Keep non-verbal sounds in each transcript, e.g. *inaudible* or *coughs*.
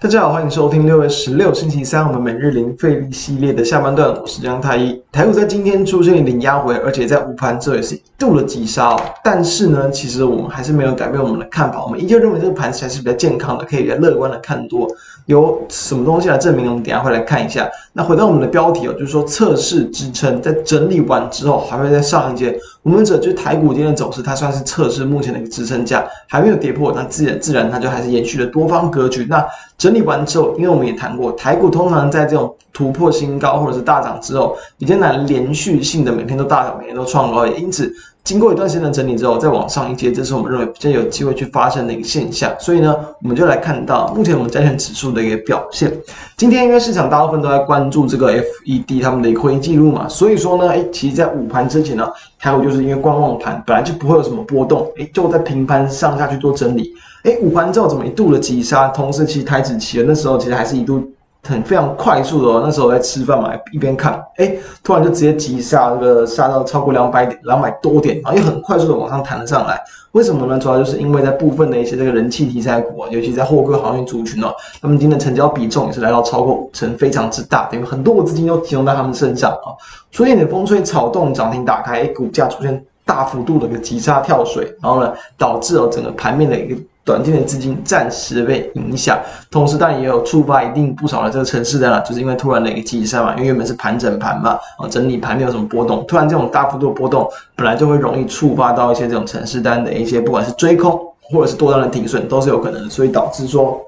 大家好，歡迎收聽六月十六星期三我們每日零費力系列的下半段，我是江太一。台股在今天出現了點壓回，而且在午盤之後也是一度的急殺。但是呢，其實我們還是沒有改變我們的看法，我們依舊認為這個盤才是比較健康的，可以比較樂觀的看多。有什麼東西來證明？我們等一下會來看一下。那回到我們的標題哦，就是說測試支撐在整理完之後，還會再上一階我們者，就是台股今天的走勢，它算是測試目前的一個支撐價，還沒有跌破，那自然自然它就還是延續了多方格局。那整理完之後，因為我們也談過，台股通常在這種突破新高或者是大漲之後，比較難連續性的每天都大漲，每天都創高，也因此。經過一段時間的整理之後，再往上一階，這是我們認為比較有機會去發生的一個現象。所以呢，我們就來看到目前我們債券指數的一個表現。今天因為市場大，大部分都在關注這個 F E D 他們的一個會議記錄嘛，所以說呢，哎，其實，在午盤之前呢，還有就是因為觀望盤，本來就不會有什麼波動，哎，就在平盤上下去做整理。哎，午盤之後怎麼一度的急殺？同時，其實台指期那時候其實還是一度。很非常快速的哦，那時候在吃飯嘛，一邊看，哎、欸，突然就直接急殺，那、這個殺到超過兩百點，兩百多點，然後又很快速的往上彈了上來。為什麼呢？主要就是因為在部分的一些這個人氣題材股啊，尤其在霍克航運族群哦，他們今天的成交比重也是來到超過五成非常之大，等於很多的資金都集中在他們身上啊、哦，所以你的風吹草動，漲停打開，欸、股價出現大幅度的一個急殺跳水，然後呢，導致哦整個盤面的一個。短線的資金暫時被影響，同時但也有觸發一定不少的這個程式單，就是因為突然的一個急殺嘛，因為原本是盤整盤嘛，啊整理盤沒有什麼波動，突然這種大幅度的波動，本來就會容易觸發到一些這種程式單的一些，不管是追空或者是多單的停損都是有可能的，所以導致說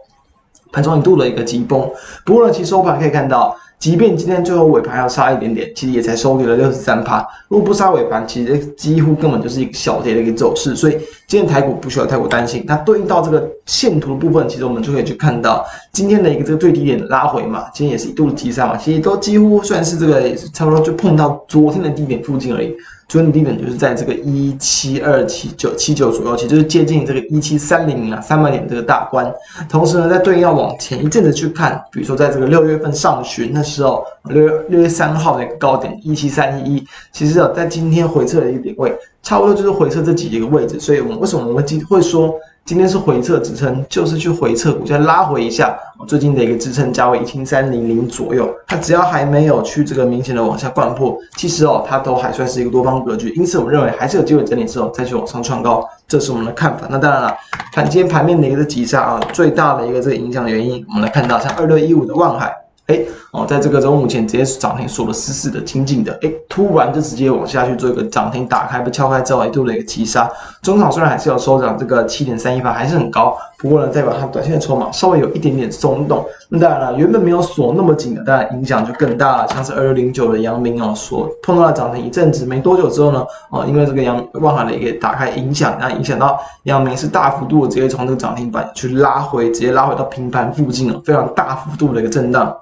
盤中一度的一個急崩。不過呢，其實收盤可以看到。即便今天最後尾盤要殺一點點，其實也才收跌了六十三趴。如果不殺尾盤，其實幾乎根本就是一個小跌的一個走勢。所以今天台股不需要太過擔心。它對應到這個線圖的部分，其實我們就可以去看到今天的一個這個最低點的拉回嘛，今天也是一度的急殺嘛，其實都幾乎算是這個是差不多就碰到昨天的低點附近而已。昨天的低點就是在這個一七二七九七九左右，其實就是接近這個一七三零零啊三百點這個大關。同時呢，在對應要往前一陣子去看，比如說在這個六月份上旬那。是哦六月六月三號的一個高點一七三一一，17311, 其實哦、啊、在今天回測的一個點位，差不多就是回測這幾個位置，所以，我們為什麼我們會說今天是回測支撐，就是去回測股價拉回一下最近的一個支撐價位一七三零零左右，它只要還沒有去這個明顯的往下摜破，其實哦它都還算是一個多方格局，因此，我們認為還是有機會整理之後、哦、再去往上創高，這是我們的看法。那當然了，看今天盤面的一個急殺啊，最大的一個這個影響原因，我們來看到像二六一五的萬海。誒、欸，哦，在這個中午前直接漲停鎖得死死的，緊緊的，誒、欸，突然就直接往下去做一個漲停打開，被撬開之後一度的一個急殺，中場雖然還是要收漲，這個七點三一八還是很高。不過呢，再把它短線的籌碼稍微有一點點鬆動，那當然了、啊，原本沒有鎖那麼緊的，當然影響就更大了。像是二六零九的陽明哦、啊，所碰到漲停一陣子，沒多久之後呢，哦、呃，因為這個陽萬海的一個打開影響，那影響到陽明是大幅度的直接從這個漲停板去拉回，直接拉回到平盤附近了、啊，非常大幅度的一個震盪。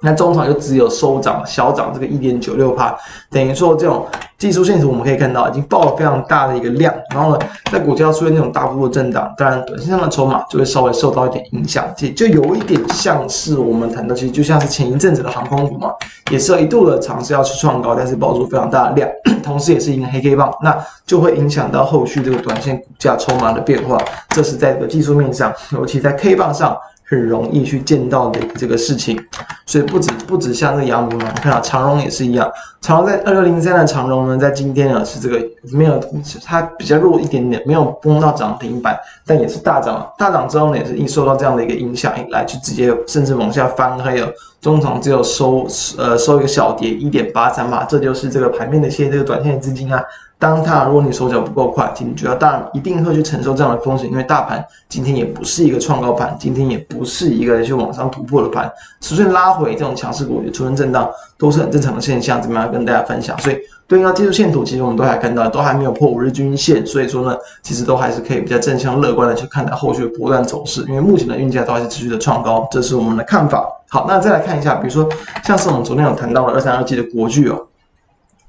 那中場就只有收漲，小漲這個一點九六趴，等於說這種。技術線圖我們可以看到，已經爆了非常大的一個量，然後呢，在股價出現那種大幅度震盪，當然短線上的籌碼就會稍微受到一點影響，其實就有一點像是我們談的，其實就像是前一陣子的航空股嘛，也是一度的嘗試要去創高，但是爆出非常大的量， *coughs* 同時也是因為黑 K 棒，那就會影響到後續這個短線股價籌碼的變化，這是在這個技術面上，尤其在 K 棒上。很容易去見到的這個事情，所以不止不止像這個陽明啊，你看啊，長榮也是一樣，長榮在二六零三的長榮呢，在今天呢，是這個，沒有，它比較弱一點點，沒有崩到漲停板，但也是大漲，大漲之後呢，也是受到這樣的一個影響，來去直接甚至往下翻黑了。中場只有收呃收一個小跌一點八三，這就是這個盤面的現，這個短線的資金啊。當它如果你手腳不夠快，今天就要大，一定會去承受這樣的風險，因為大盤今天也不是一個創高盤，今天也不是一個去往上突破的盤，就算拉回這種強勢股，就出現震盪都是很正常的現象。怎麼樣跟大家分享？所以，對應到、啊、技術線圖，其實我們都還看到都還沒有破五日均線，所以說呢，其實都還是可以比較正向樂觀的去看待後續的波段走勢，因為目前的運價都還是持續的創高，這是我們的看法。好，那再來看一下，比如說像是我們昨天有談到的二三二七的國巨哦，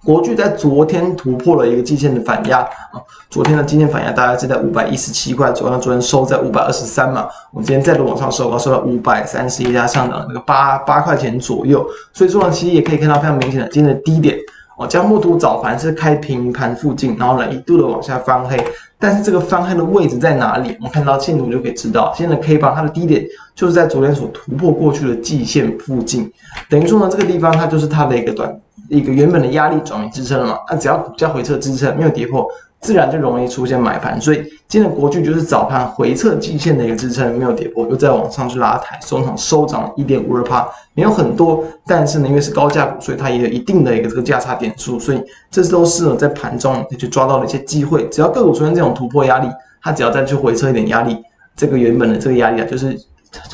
國巨在昨天突破了一個季線的反壓啊、哦，昨天的季線反壓大概是在五百一十七塊，昨天昨天收在五百二十三嘛，我們今天再度往上收，收到五百三十一加上的那個八八塊錢左右，所以說呢，其實也可以看到非常明顯的今天的低點。我將木圖早盤是開平盤附近，然後呢一度的往下翻黑，但是這個翻黑的位置在哪裡？我們看到線圖就可以知道，現在 K 棒它的低點就是在昨天所突破過去的季線附近，等於說呢，這個地方它就是它的一個短，一個原本的壓力轉為支撐了嘛，那只要股價回撤支撐沒有跌破，自然就容易出現買盤，所以今天的國巨就是早盤回測季線的一個支撐，沒有跌破，又再往上去拉抬，收場收漲一點五二趴，沒有很多，但是呢，因為是高價股，所以它也有一定的一個這個價差點數，所以這都是呢在盤中它就抓到了一些機會。只要個股出現這種突破壓力，它只要再去回測一點壓力，這個原本的這個壓力啊，就是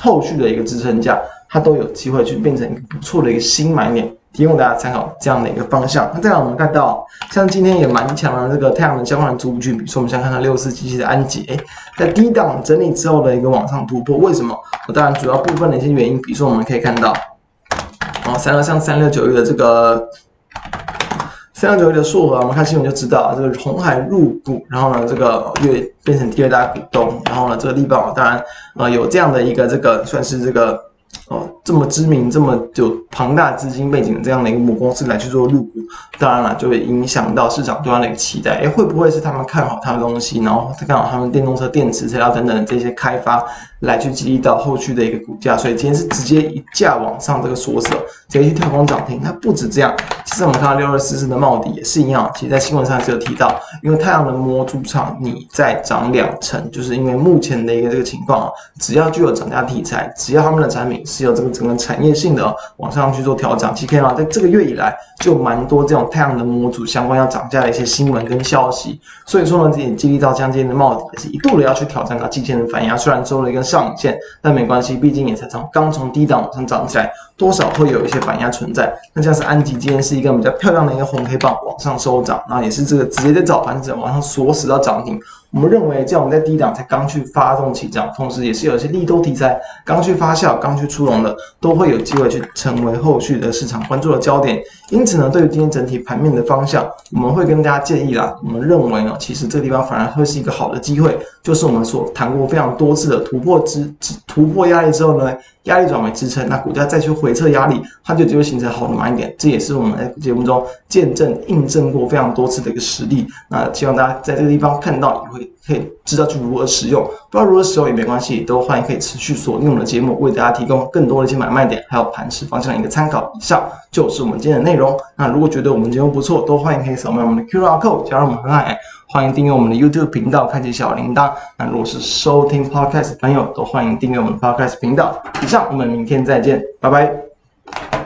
後續的一個支撐價，它都有機會去變成一個不錯的一個新買點。提供大家參考這樣的一個方向。那、啊、這樣我們看到，像今天也蠻強的這個太陽能相關的組件，比如說我們先看看六四七七的安捷，欸，在低檔整理之後的一個往上突破，為什麼？哦、當然主要部分的一些原因，比如說我們可以看到，啊，三個像三六九一的這個三六九一的碩禾，我們看新聞就知道，這個紅海入股，然後呢這個月變成第二大股東，然後呢這個力寶當然、呃、有這樣的一個這個算是這個。哦，這麼知名、這麼有龐大資金背景的這樣的一個母公司來去做入股，當然了，就會影響到市場對它的一個期待。哎，會不會是他們看好它的東西，然後再看好他們電動車電池材料等等的這些開發來去激勵到後續的一個股價？所以今天是直接一價往上這個鎖死，直接去跳空漲停。那不止這樣，其實我們看到六二四四的茂迪也是一樣。其實在新聞上就有提到，因為太陽能模組廠擬再漲兩成，就是因為目前的一個這個情況啊，只要具有漲價題材，只要他們的產品是。有這個整個產業性的往上去做調整，今天啊，在這個月以來就蠻多這種太陽能模組相關要漲價的一些新聞跟消息，所以說呢，這也激勵到將近的帽子，也是一度的要去挑戰它季線的反壓。雖然收了一根上影線，但沒關係，畢竟也才從剛從低檔往上漲起來。多少會有一些反壓存在。那像是安吉，今天是一個比較漂亮的一個紅 K 棒往上收漲，那也是這個直接在早盤子往上鎖死到漲停。我們認為，這樣我們在低檔才剛去發動起漲，同時也是有一些利多題材剛去發酵，剛去出籠的，都會有機會去成為後續的市場關注的焦點。因此呢，對於今天整體盤面的方向，我們會跟大家建議啦。我們認為呢，其實這個地方反而會是一個好的機會，就是我們所談過非常多次的突破之突破壓力之後呢，壓力轉為支撐，那股價再去回測壓力，它就就會形成好的買點。這也是我們在節目中見證、印證過非常多次的一個實例。那希望大家在這個地方看到，也會可以知道去如何使用。不知道如何使用也沒關係，都歡迎可以持續鎖定我們的節目，為大家提供更多的一些買賣點，還有盤勢方向的一個參考。以上。就是我們今天的內容。那如果覺得我們節目不錯，都歡迎可以掃描我們的 QR code 加入我們的 LINE。歡迎訂閱我們的 YouTube 頻道，開啟小鈴鐺。那如果是收聽 Podcast 的朋友，都歡迎訂閱我們的 Podcast 頻道。以上，我們明天再見，拜拜。